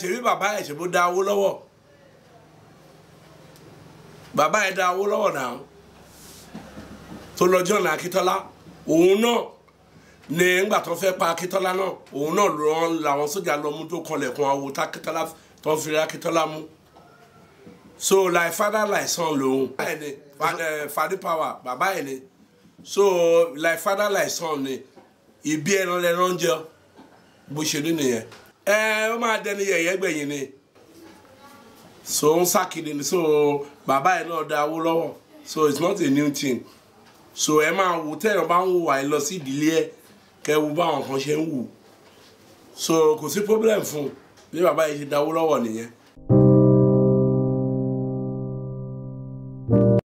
ṣèbí bàbá ẹ̀ ṣèbó da owó lọ́wọ́ bàbá ẹ̀ da owó lọ́wọ́ náà tó lọ John Akíntọ́lá òun náà ní ngbà tó fẹ́ pa Akíntọ́lá náà òun náà lọ́n làwọn sójà lọ mú tó kanlẹ̀kùn àwọn tá Akíntọ́lá tó ń fi Akíntọ́lá mú so like father like son lòun eh, fadi power bàbá ẹ̀ ni so like father like son ni ìbí ẹran lẹ́ran jẹ bó ṣe rí nìyẹn ẹ ó máa dẹni yẹ̀yẹ́ gbẹ̀yìn ni so ń sàkìlì ni so bàbá yẹn náà da owó lọ́wọ́ so it's not a new thing so ẹ máa wò tẹ́yàn bá ń wò wà ẹ lọ sí ìdílé ẹ kẹ wo báwọn kan ṣe ń wò so kò sí problem fún bí bàbá yẹn ṣe da owó lọ́wọ́ nìyẹn.